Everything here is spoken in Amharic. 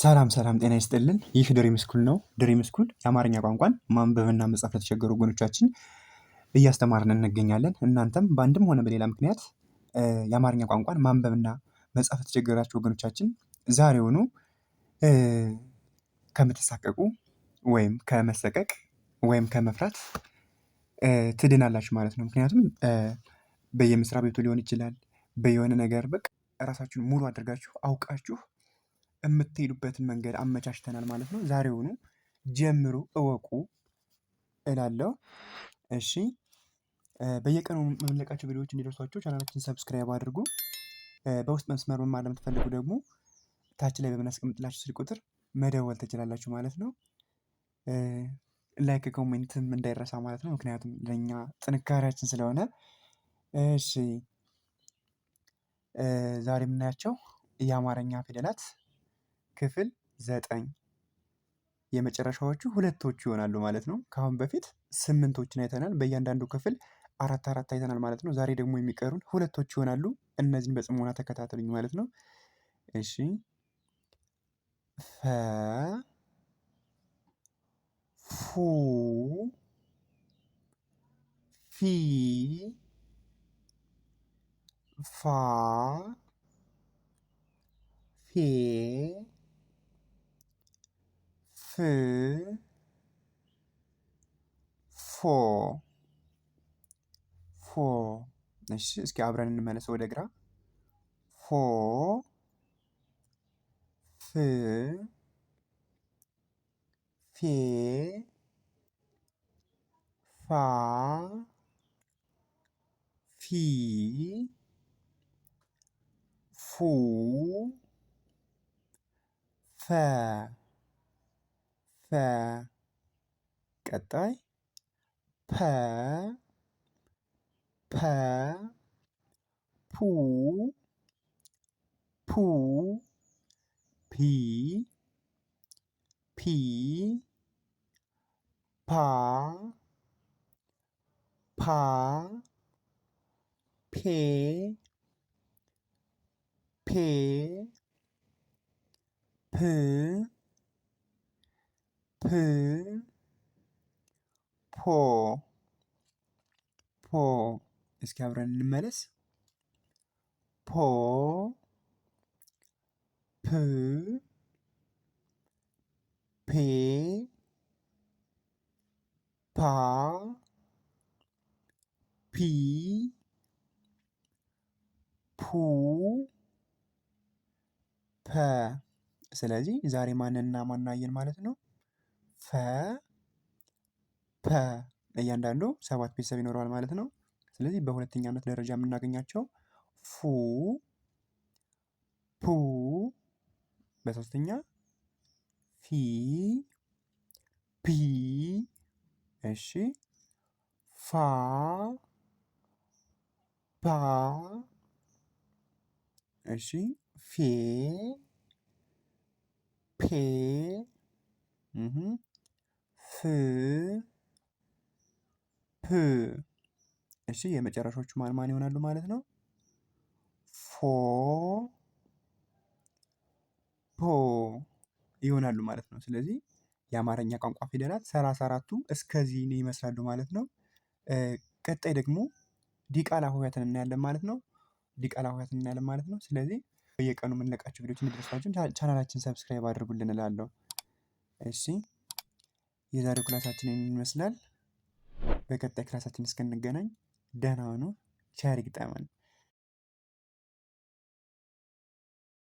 ሰላም ሰላም፣ ጤና ይስጥልን። ይህ ድሪም ስኩል ነው። ድሪም ስኩል የአማርኛ ቋንቋን ማንበብና መጻፍ ለተቸገሩ ወገኖቻችን እያስተማርን እንገኛለን። እናንተም በአንድም ሆነ በሌላ ምክንያት የአማርኛ ቋንቋን ማንበብና መጻፍ ለተቸገራችሁ ወገኖቻችን ዛሬውኑ ከምትሳቀቁ ወይም ከመሰቀቅ ወይም ከመፍራት ትድናላችሁ ማለት ነው። ምክንያቱም በየመስሪያ ቤቱ ሊሆን ይችላል፣ በየሆነ ነገር በቃ ራሳችሁን ሙሉ አድርጋችሁ አውቃችሁ የምትሄዱበትን መንገድ አመቻችተናል ማለት ነው። ዛሬውኑ ጀምሩ እወቁ እላለሁ። እሺ በየቀኑ የምንለቃቸው ቪዲዮዎች እንዲደርሷቸው ቻናላችን ሰብስክራይብ አድርጉ። በውስጥ መስመር መማር ለምትፈልጉ ደግሞ ታች ላይ በምናስቀምጥላችሁ ስልክ ቁጥር መደወል ትችላላችሁ ማለት ነው። ላይክ ኮሜንትም እንዳይረሳ ማለት ነው። ምክንያቱም ለእኛ ጥንካሬያችን ስለሆነ። እሺ ዛሬ የምናያቸው የአማርኛ ፊደላት ክፍል ዘጠኝ የመጨረሻዎቹ ሁለቶቹ ይሆናሉ ማለት ነው። ከአሁን በፊት ስምንቶችን አይተናል። በእያንዳንዱ ክፍል አራት አራት አይተናል ማለት ነው። ዛሬ ደግሞ የሚቀሩን ሁለቶቹ ይሆናሉ። እነዚህን በጽሞና ተከታተሉኝ ማለት ነው። እሺ ፈ ፉ ፊ ፋ ፌ ፎ ፎ እሺ፣ እስኪ አብረን እንመለስ ወደ ግራ። ፎ ፍ ፌ ፋ ፊ ፉ ፈ ፈ ቀጣይ ፐ ፐ ፑ ፑ ፒ ፒ ፓ ፓ ፔ ፔ ፕ ፕን ፖ ፖ እስኪ አብረን እንመለስ። ፖ ፕ ፔ ፓ ፒ ፑ ፐ። ስለዚህ ዛሬ ማንና ማናየን ማለት ነው? ፈ ፐ እያንዳንዱ ሰባት ቤተሰብ ይኖረዋል ማለት ነው። ስለዚህ በሁለተኛነት ደረጃ የምናገኛቸው ፉ ፑ በሶስተኛ ፊ ፒ እሺ ፋ ፓ እሺ ፌ ፔ ፍ ፕ እሺ የመጨረሻዎቹ ማን ማን ይሆናሉ ማለት ነው? ፎ ፖ ይሆናሉ ማለት ነው። ስለዚህ የአማርኛ ቋንቋ ፊደላት ሰላሳ አራቱ እስከዚህ ይመስላሉ ማለት ነው። ቀጣይ ደግሞ ዲቃላ ሆሄያትን እናያለን ማለት ነው። ዲቃላ ሆሄያትን እናያለን ማለት ነው። ስለዚህ በየቀኑ የምንለቃቸው ቪዲዮዎች እንዲደርሷችሁ ቻናላችን ሰብስክራይብ አድርጉልን እላለሁ። እሺ የዛሬው ክላሳችንን ይመስላል። በቀጣይ ክላሳችን እስክንገናኝ ደህና ሁኑ። ቸር ይግጠመን።